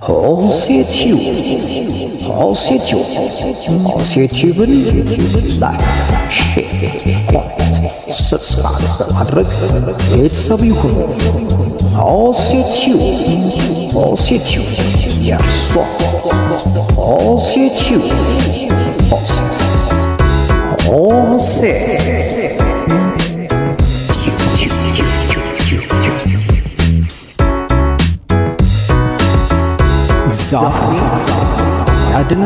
好些酒，好些酒，好些酒来吃惯 ስብስባ በማድረግ ቤተሰብ ይሁኑ። ኦሴቲው ኦሴቲው የእርሷ ኦሴቲው ኦሴ ኦሴ ዛፍ ጤና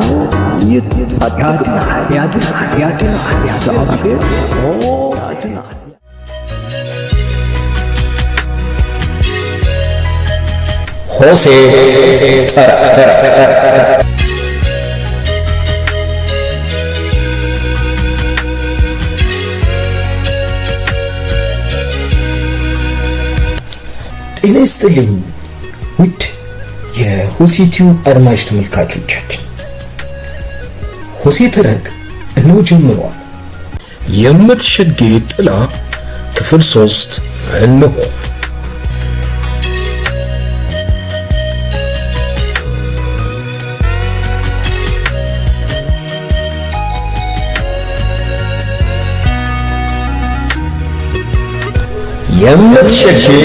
ይስጥልኝ ውድ የሁሴቲው አድማጭ ተመልካቾቻችን ሁሴ ተረክ እነሆ ጀምሯል። የምትሸገይ ጥላ ክፍል ሶስት እነሆ የምትሸገይ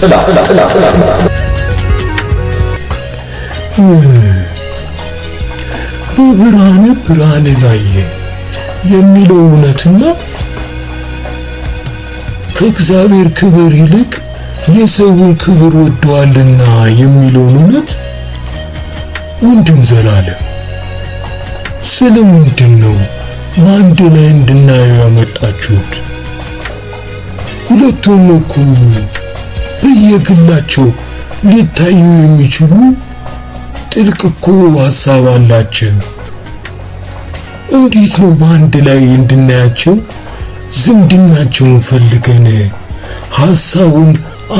ጥላ በብርሃነ ብርሃን ላየ የሚለው እውነትና ከእግዚአብሔር ክብር ይልቅ የሰውን ክብር ወደዋልና የሚለውን እውነት ወንድም ዘላለም ስለ ምንድን ነው በአንድ ላይ እንድናየው ያመጣችሁት? ሁለቱም እኮ በየግላቸው ሊታዩ የሚችሉ ጥልቅ እኮ ሐሳብ አላቸው። እንዴት ነው በአንድ ላይ እንድናያቸው ዝምድናቸውን ፈልገን ሐሳቡን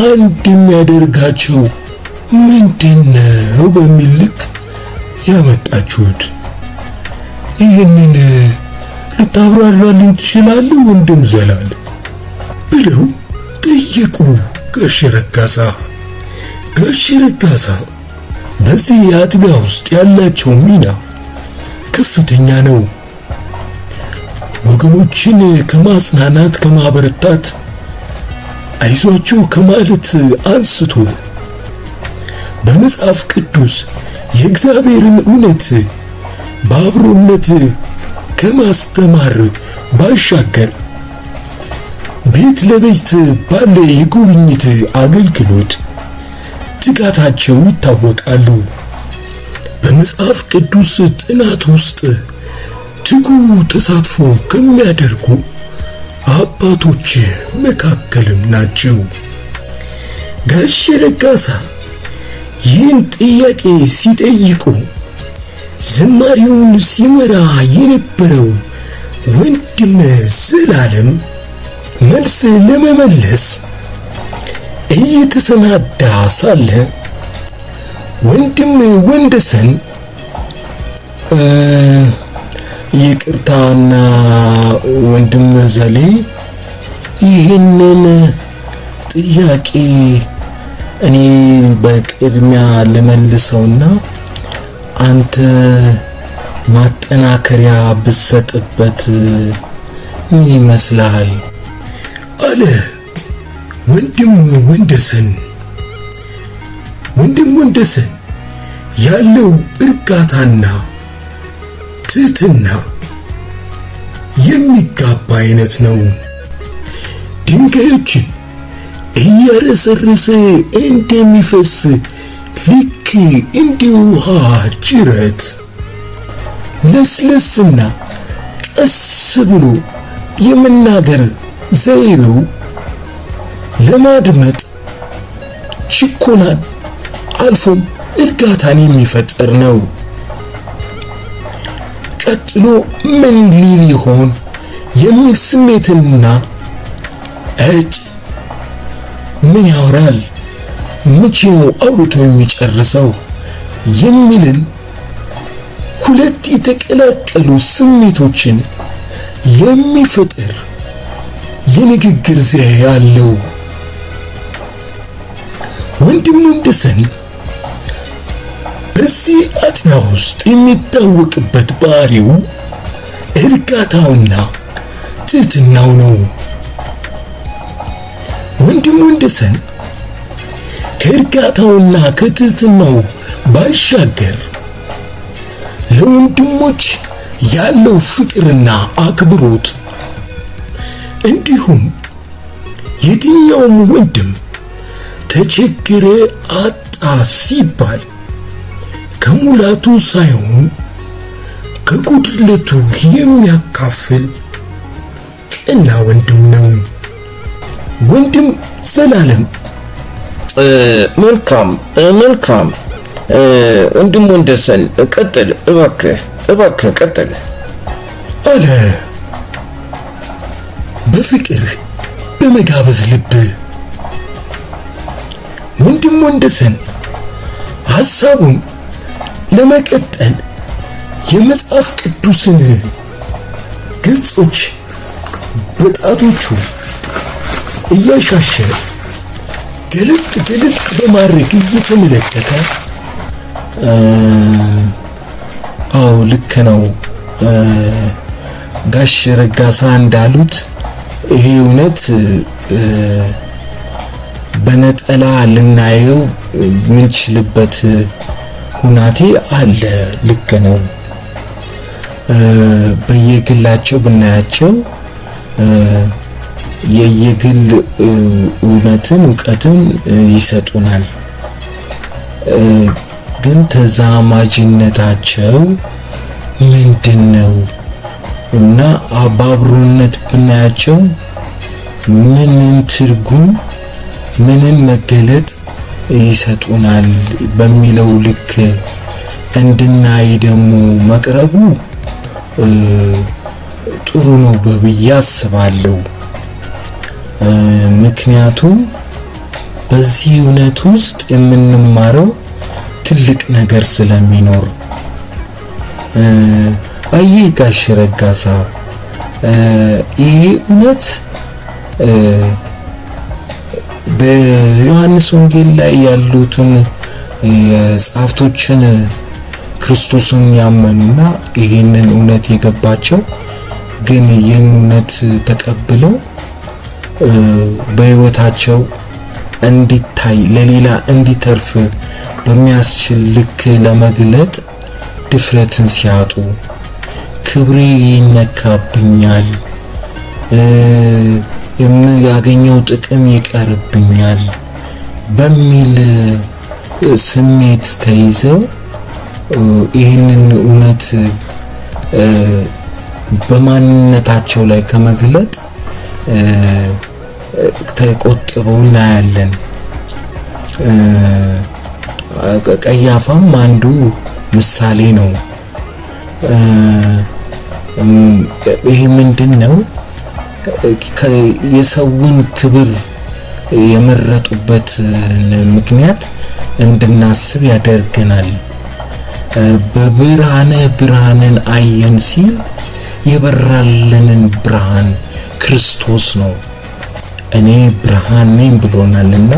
አንድ የሚያደርጋቸው ምንድን ነው በሚል ልክ ያመጣችሁት? ይህንን ልታብራራልኝ ትችላለህ ወንድም ዘላል? ብለው ጠየቁ ጋሽ ረጋሳ። ጋሽ ረጋሳ በዚህ አትቢያ ውስጥ ያላቸው ሚና ከፍተኛ ነው። ወገኖችን ከማጽናናት፣ ከማበረታት፣ አይዟችሁ ከማለት አንስቶ በመጽሐፍ ቅዱስ የእግዚአብሔርን እውነት በአብሮነት ከማስተማር ባሻገር ቤት ለቤት ባለ የጉብኝት አገልግሎት ትጋታቸው ይታወቃሉ። በመጽሐፍ ቅዱስ ጥናት ውስጥ ትጉ ተሳትፎ ከሚያደርጉ አባቶች መካከልም ናቸው። ጋሽ ረጋሳ ይህን ጥያቄ ሲጠይቁ ዝማሪውን ሲመራ የነበረው ወንድም ዘላለም መልስ ለመመለስ እየተሰናዳ ሳለ ወንድም ወንደሰን ይቅርታና ወንድም ዘሌ ይህንን ጥያቄ እኔ በቅድሚያ ልመልሰውና አንተ ማጠናከሪያ ብትሰጥበት ምን ይመስልሃል? አለ። ወንድም ወንደሰን ወንድም ወንደሰን ያለው እርጋታና ትህትና የሚጋባ አይነት ነው። ድንጋዮችን እያረሰረሰ እንደሚፈስ ልክ እንደ ውሃ ጅረት ለስለስና ቀስ ብሎ የመናገር ዘይቤው ለማድመጥ ችኮላን አልፎም እርጋታን የሚፈጥር ነው። ቀጥሎ ምን ሊል ይሆን የሚል ስሜትንና እጭ ምን ያወራል፣ መቼ ነው አውርቶ የሚጨርሰው የሚልን ሁለት የተቀላቀሉ ስሜቶችን የሚፈጥር የንግግር ዘያ ያለው ወንድሙ እንደሰን በዚህ አጥና ውስጥ የሚታወቅበት ባህሪው እርጋታውና ትህትናው ነው። ወንድሙ እንደሰን ከእርጋታውና ከትህትናው ባሻገር ለወንድሞች ያለው ፍቅርና አክብሮት እንዲሁም የትኛውም ወንድም ተቸግሬ አጣ ሲባል ከሙላቱ ሳይሆን ከጉድለቱ የሚያካፍል እና ወንድም ነው። ወንድም ዘላለም መልካም መልካም ወንድም ወንደሰን ቀጥል እባክህ እባክህ ቀጥል አለ በፍቅር በመጋበዝ ልብህ ወንድም ወንደሰን ሐሳቡን ለመቀጠል የመጽሐፍ ቅዱስን ገጾች በጣቶቹ እያሻሸ ገለጥ ገለጥ በማድረግ እየተመለከተ አዎ ልክ ነው ጋሽ ረጋሳ እንዳሉት ይሄ እውነት በነጠላ ልናየው የምንችልበት ሁናቴ አለ። ልክ ነው። በየግላቸው ብናያቸው የየግል እውነትን እውቀትን ይሰጡናል። ግን ተዛማጅነታቸው ምንድን ነው እና በአብሮነት ብናያቸው ምንም ትርጉም ምንን መገለጥ ይሰጡናል በሚለው ልክ እንድናይ ደግሞ መቅረቡ ጥሩ ነው በብያ አስባለሁ። ምክንያቱም በዚህ እውነት ውስጥ የምንማረው ትልቅ ነገር ስለሚኖር አየ ጋሽ ረጋሳ ይህ እውነት በዮሐንስ ወንጌል ላይ ያሉትን የጻፍቶችን ክርስቶስን ያመኑና ይህንን እውነት የገባቸው ግን ይህን እውነት ተቀብለው በሕይወታቸው እንዲታይ ለሌላ እንዲተርፍ በሚያስችል ልክ ለመግለጥ ድፍረትን ሲያጡ ክብሬ ይነካብኛል የማገኘው ጥቅም ይቀርብኛል በሚል ስሜት ተይዘው ይህንን እውነት በማንነታቸው ላይ ከመግለጥ ተቆጥበው እናያለን። ቀያፋም አንዱ ምሳሌ ነው። ይሄ ምንድን ነው? የሰውን ክብር የመረጡበት ምክንያት እንድናስብ ያደርገናል። በብርሃነ ብርሃንን አየን ሲል የበራልንን ብርሃን ክርስቶስ ነው። እኔ ብርሃን ነኝ ብሎናልና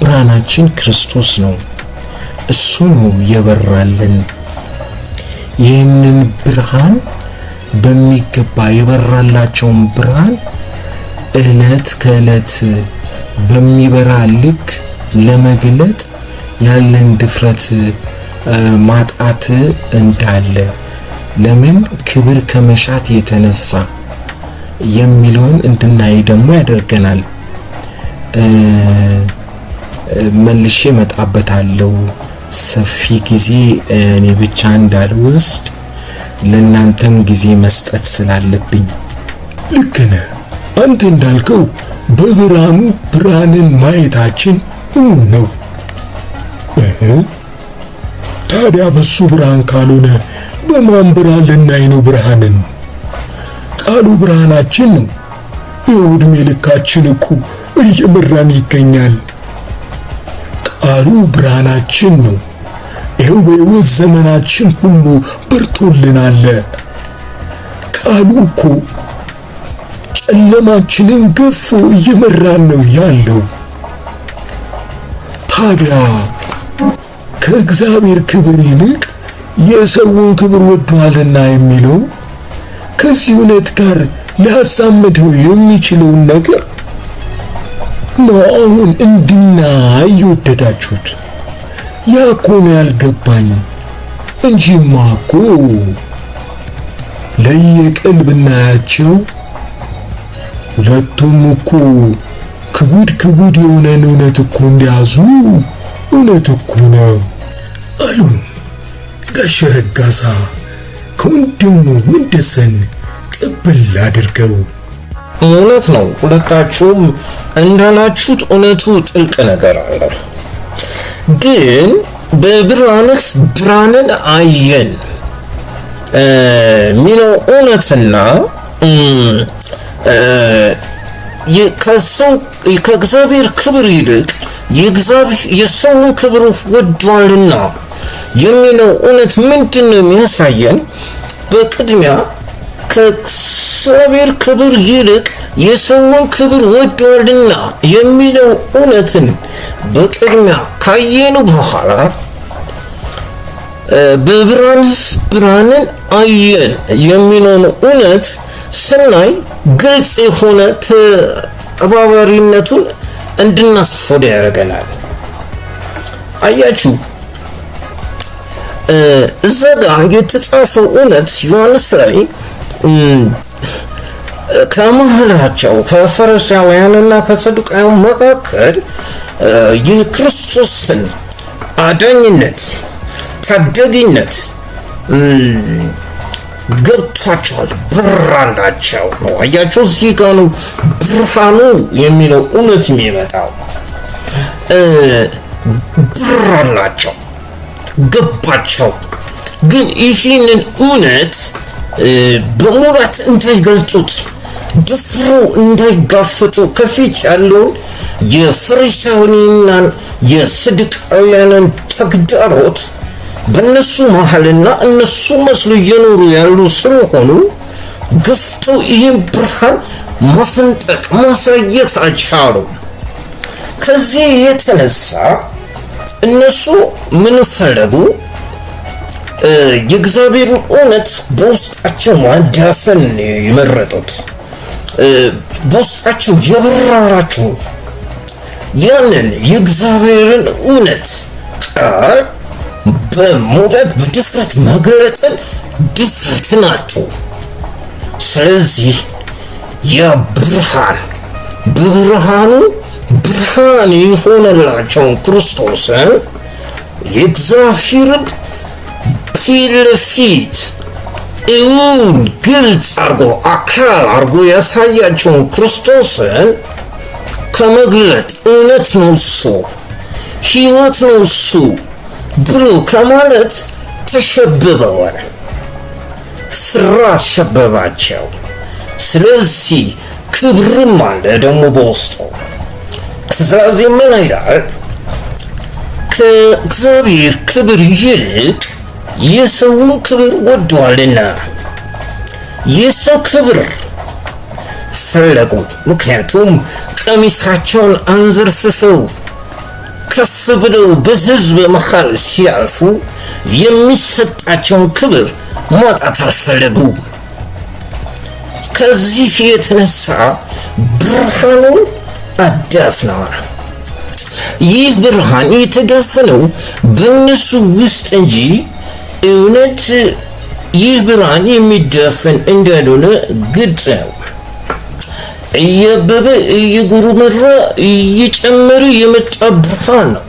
ብርሃናችን ክርስቶስ ነው። እሱ ነው የበራልን ይህንን ብርሃን በሚገባ የበራላቸውን ብርሃን እለት ከእለት በሚበራ ልክ ለመግለጥ ያለን ድፍረት ማጣት እንዳለ ለምን ክብር ከመሻት የተነሳ የሚለውን እንድናይ ደግሞ ያደርገናል። መልሼ እመጣበታለሁ። ሰፊ ጊዜ እኔ ብቻ እንዳልወስድ ለእናንተም ጊዜ መስጠት ስላለብኝ። ልክ ነህ። አንተ እንዳልከው በብርሃኑ ብርሃንን ማየታችን እሙን ነው። ታዲያ በሱ ብርሃን ካልሆነ በማን ብርሃን ልናይ ነው? ብርሃንን ቃሉ ብርሃናችን ነው። የዕድሜ ልካችን እኮ እየመራን ይገኛል። ቃሉ ብርሃናችን ነው። ይኸው በሕይወት ዘመናችን ሁሉ በርቶልናል ቃሉ እኮ ጨለማችንን ገፎ እየመራን ነው ያለው። ታዲያ ከእግዚአብሔር ክብር ይልቅ የሰውን ክብር ወዷልና የሚለው ከዚህ እውነት ጋር ሊያሳምደው የሚችለውን ነገር ነው አሁን እንድናይ የወደዳችሁት። ያ እኮ ነው ያልገባኝ እንጂማ እኮ ለየቅል ብናያቸው ሁለቱም እኮ ክቡድ ክቡድ የሆነን እውነት እኮ እንዲያዙ እውነት እኮ ነው አሉ ጋሽ ረጋሳ ከወንድሙ ምንደሰን ቅብል አድርገው። እውነት ነው፣ ሁለታችሁም እንዳላችሁት እውነቱ ጥልቅ ነገር አለው። ግን በብርሃንህ ብርሃንን አየን ሚለው እውነትና ከእግዚአብሔር ክብር ይልቅ የሰውን ክብር ወዷልና የሚለው እውነት ምንድን ነው የሚያሳየን? በቅድሚያ ከእግዚአብሔር ክብር ይልቅ የሰውን ክብር ወዷልና የሚለው እውነትን በቅድሚያ ካየኑ በኋላ በብርሃን ብርሃንን አየን የሚለውን እውነት ስናይ ግልጽ የሆነ ተባባሪነቱን እንድናስፈደ ያደርገናል። አያችሁ እዛ ጋር የተጻፈው እውነት ዮሐንስ ላይ ከመሃላቸው ከፈሪሳውያንና ከሰዱቃውያን መካከል የክርስቶስን አዳኝነት ታዳጊነት ገብቷቸዋል። ብራላቸው ነው። አያቸው እዚህ ጋ ነው ብርሃኑ የሚለው እውነት የሚመጣው። ብራላቸው ገባቸው። ግን ይህንን እውነት በሙላት እንዳይገልጹት ድፍሩ እንዳይጋፈጡ ከፊት ያለውን የፈሪሳውያንና የሰዱቃውያንን ተግዳሮት በእነሱ መሀልና እነሱ መስሎ እየኖሩ ያሉ ስለሆኑ ገፍተው ይህን ብርሃን ማፈንጠቅ ማሳየት አቻሉ ከዚህ የተነሳ እነሱ ምን ፈለጉ? የእግዚአብሔር እውነት በውስጣቸው ማዳፈን የመረጡት በውስጣቸው የበረራችሁ ያንን የእግዚአብሔርን እውነት ቃል በሞገድ በድፍረት መግለጥን ድፍረት አጡ። ስለዚህ ያ ብርሃን በብርሃኑ ብርሃን የሆነላቸውን ክርስቶስን የእግዚአብሔርን ፊት ለፊት እውን ግልጽ አርጎ አካል አርጎ ያሳያቸውን ክርስቶስን ከመግለጥ እውነት ነው እሱ ሕይወት ነው እሱ ብሎ ከማለት ተሸብበዋል። ፍርሃት ሸበባቸው። ስለዚህ ክብርም አለ ደግሞ በውስጡ። ስለዚህ ምን ይላል? ከእግዚአብሔር ክብር ይልቅ የሰውን ክብር ወደዋልና የሰው ክብር ፈለጉ። ምክንያቱም ቀሚሳቸውን አንዘርፍፈው ከፍ ብለው በሕዝብ መሃል ሲያልፉ የሚሰጣቸውን ክብር ማጣት አልፈለጉ። ከዚህ የተነሳ ብርሃኑን አዳፍነዋል። ይህ ብርሃን የተዳፈነው በእነሱ ውስጥ እንጂ እውነት ይህ ብርሃን የሚደፈን እንዳልሆነ ግልጽ ነው። እያበበ እየጎረመራ እየጨመረ የመጣ ብርሃን ነው።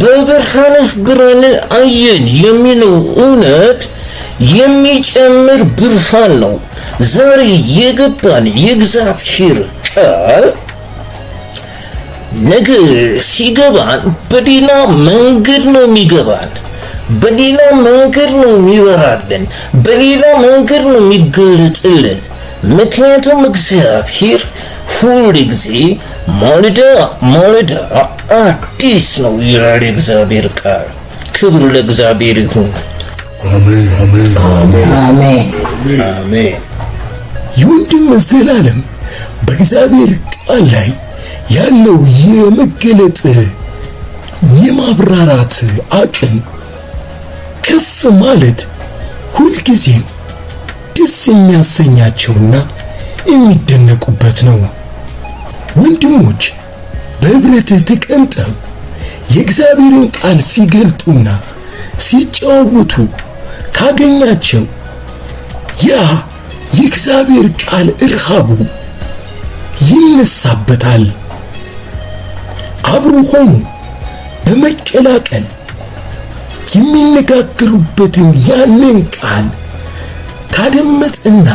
በብርሃንስ ብርሃንን አየን የሚለው እውነት የሚጨምር ብርሃን ነው። ዛሬ የገባን የእግዚአብሔር ቃል ነገ ሲገባን በዲና መንገድ ነው የሚገባን። በሌላ መንገድ ነው የሚበራልን፣ በሌላ መንገድ ነው የሚገለጥልን። ምክንያቱም እግዚአብሔር ሁል ጊዜ ማለዳ ማለዳ አዲስ ነው ይላል እግዚአብሔር ቃል። ክብር ለእግዚአብሔር ይሁን። አሜን። የወንድም ዘላለም በእግዚአብሔር ቃል ላይ ያለው የመገለጥ የማብራራት አቅም ከፍ ማለት ሁልጊዜም ደስ የሚያሰኛቸውና የሚደነቁበት ነው። ወንድሞች በኅብረትህ ተቀምጠው የእግዚአብሔርን ቃል ሲገልጡና ሲጫወቱ ካገኛቸው ያ የእግዚአብሔር ቃል እርሃቡ ይነሳበታል። አብሮ ሆኖ በመቀላቀል የሚነጋገሩበትን ያንን ቃል ካደመጥና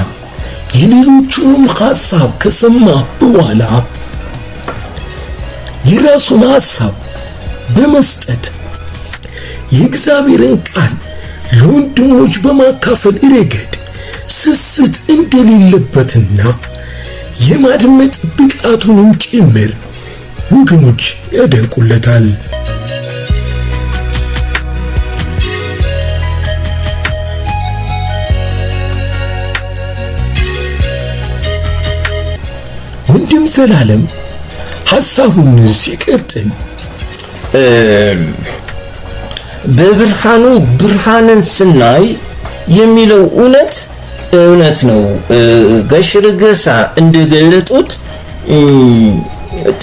የሌሎቹንም ሐሳብ ከሰማ በኋላ የራሱን ሐሳብ በመስጠት የእግዚአብሔርን ቃል ለወንድሞች በማካፈል ረገድ ስስት እንደሌለበትና የማድመጥ ብቃቱንም ጭምር ወገኖች ያደንቁለታል። ወንድም ዘላለም ሐሳቡን ሲቀጥል በብርሃኑ ብርሃንን ስናይ የሚለው እውነት እውነት ነው። ጋሽ ረገሳ እንደገለጡት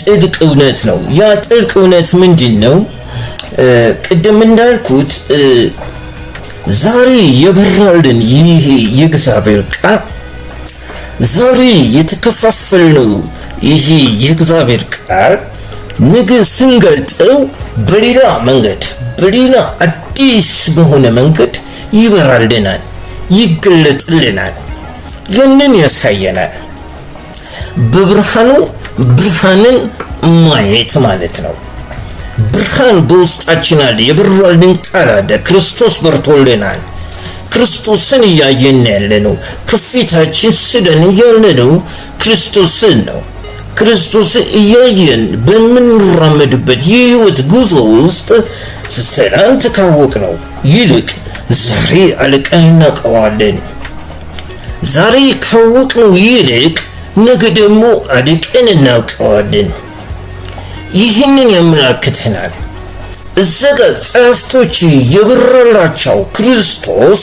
ጥልቅ እውነት ነው። ያ ጥልቅ እውነት ምንድን ነው? ቅድም እንዳልኩት ዛሬ የበራልን ይሄ የእግዚአብሔር ቃል ዛሬ የተከፋፈለው ይህ የእግዚአብሔር ቃል ነገ ስንገልጠው በሌላ መንገድ በሌላ አዲስ በሆነ መንገድ ይበራልናል፣ ይገለጥልናል፣ ያንን ያሳየናል። በብርሃኑ ብርሃንን ማየት ማለት ነው። ብርሃን በውስጣችን አለ። የበራልን ቃል አለ። ክርስቶስ በርቶልናል። ክርስቶስን እያየን ያለ ነው። ከፊታችን ስለን እያለ ነው ክርስቶስን ነው። ክርስቶስን እያየን በምንራመድበት የህይወት ጉዞ ውስጥ ካወቅ ነው ይልቅ ዛሬ አልቀን እናውቀዋለን። ዛሬ ካወቅነው ይልቅ ነገ ደግሞ አለቀን እናውቀዋለን። ይህንን ያመላክተናል። ዘገጻፍቶች የበራላቸው ክርስቶስ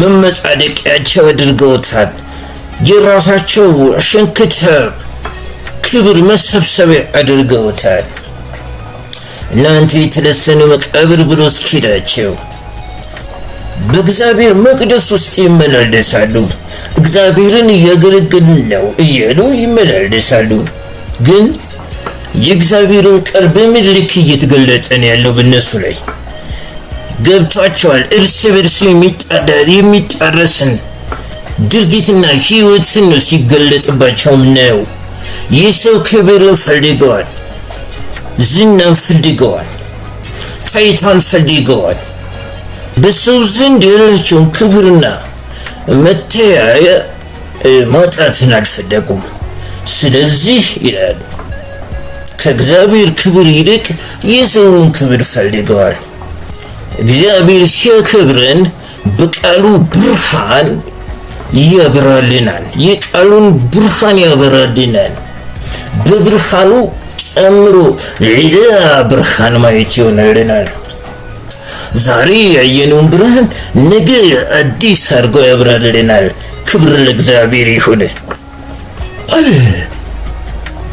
መመጻደቂያቸው አድርገውታል። የራሳቸው ሽንክተ ክብር መሰብሰቢያ አድርገውታል። እናንተ የተለሰነ መቃብር ብሎ እስኪላቸው በእግዚአብሔር መቅደስ ውስጥ ይመላለሳሉ። እግዚአብሔርን እያገለገልን ነው እያሉ ይመላለሳሉ ግን የእግዚአብሔርን ቃል በምን ልክ እየተገለጠ ነው ያለው? በእነሱ ላይ ገብቷቸዋል። እርስ በርስ የሚጣረስን ድርጊትና ህይወትን ነው ሲገለጥባቸው ምናየው። የሰው ክብርን ፈልገዋል፣ ዝናን ፈልገዋል፣ ታይታን ፈልገዋል። በሰው ዘንድ ያላቸውን ክብርና መተያየ ማውጣትን አልፈለጉም። ስለዚህ ይላሉ ከእግዚአብሔር ክብር ይልቅ የሰውን ክብር ፈልገዋል። እግዚአብሔር ሲያከብረን በቃሉ ብርሃን ያበራልናል። የቃሉን ብርሃን ያበራልናል። በብርሃኑ ጨምሮ ሌላ ብርሃን ማየት ይሆንልናል። ዛሬ ያየነውን ብርሃን ነገ አዲስ አድርጎ ያብራልልናል። ክብር ለእግዚአብሔር ይሁን አለ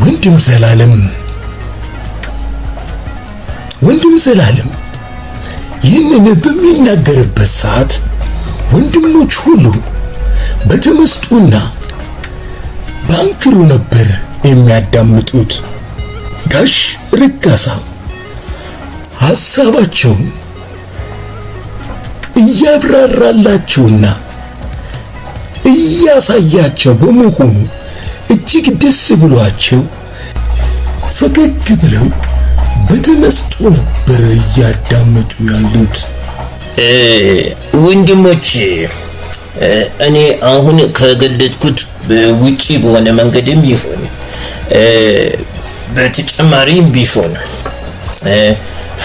ወንድም ዘላለም። ወንድም ዘላለም ይህንን በሚናገርበት ሰዓት ወንድሞች ሁሉ በተመስጦና በአንክሮ ነበር የሚያዳምጡት። ጋሽ ረጋሳ ሐሳባቸውን እያብራራላቸውና እያሳያቸው በመሆኑ እጅግ ደስ ብሏቸው ፈገግ ብለው በተመስጦ ነበር እያዳመጡ ያሉት። ወንድሞች እኔ አሁን ከገለጽኩት በውጪ በሆነ መንገድም ቢሆን በተጨማሪም ቢሆን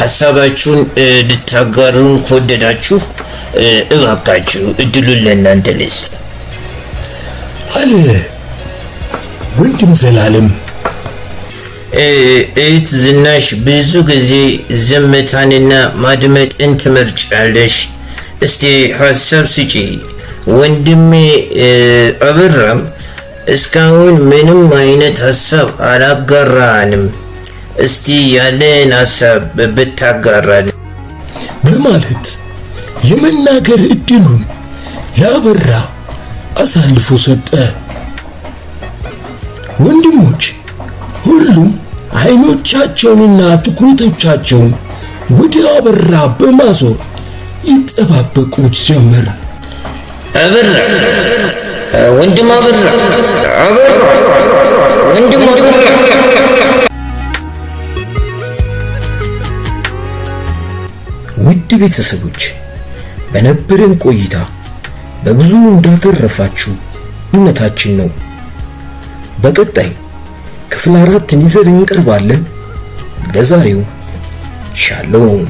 ሀሳባችሁን ልታጋሩን ከወደዳችሁ እባካችሁ እድሉን ለእናንተ ልስጥ አለ ወንድም ዘላለም። እህት ዝናሽ ብዙ ጊዜ ዝምታንና ማድመጥን ትመርጫለሽ። እስቲ ሀሳብ ስጪ። ወንድሜ አበራም እስካሁን ምንም አይነት ሀሳብ አላጋራንም። እስቲ ያለን ሀሳብ ብታጋራን በማለት የመናገር እድሉን ለአበራ አሳልፎ ሰጠ። ወንድሞች ሁሉም አይኖቻቸውንና ትኩረቶቻቸውን ወደ አበራ በማዞር ይጠባበቁት ጀመር። አበራ ወንድም፣ አበራ አበራ ወንድም፣ አበራ ውድ ቤተሰቦች በነበረን ቆይታ በብዙ እንዳተረፋችሁ እውነታችን ነው። በቀጣይ ክፍል አራትን ይዘን እንቀርባለን። ለዛሬው ሻሎም